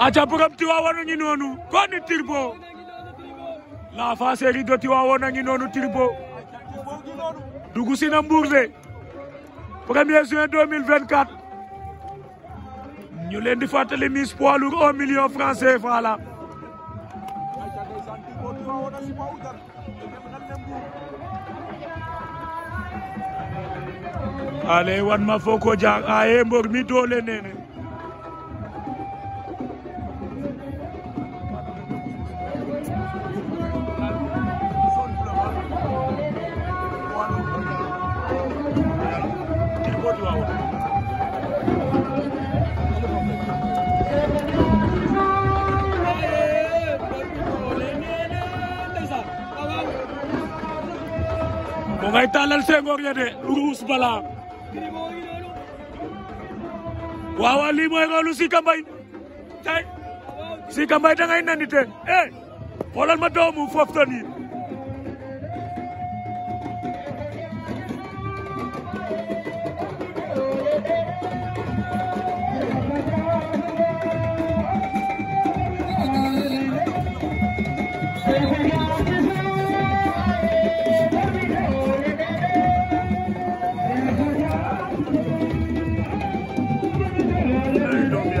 aca borom Tiwaawan a ngi noonu Gony Turbo la fa série de Tiwaawan a ngi noonu Turbo dugg si na Mbour de premier juin 2024 ñu leen di fàttali Miss poids lourd un million franc ale wan ma fo ko jaar aye mbor mi doole nene ko ngay talal sengor ya de rous bala wa wa li moy si kambay si kambay da ngay nanite eh xolal madamu doomu fof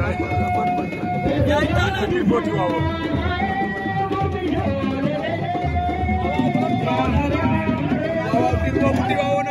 Njaay Njaay daana di bo ti waaw waaw di bo ti waaw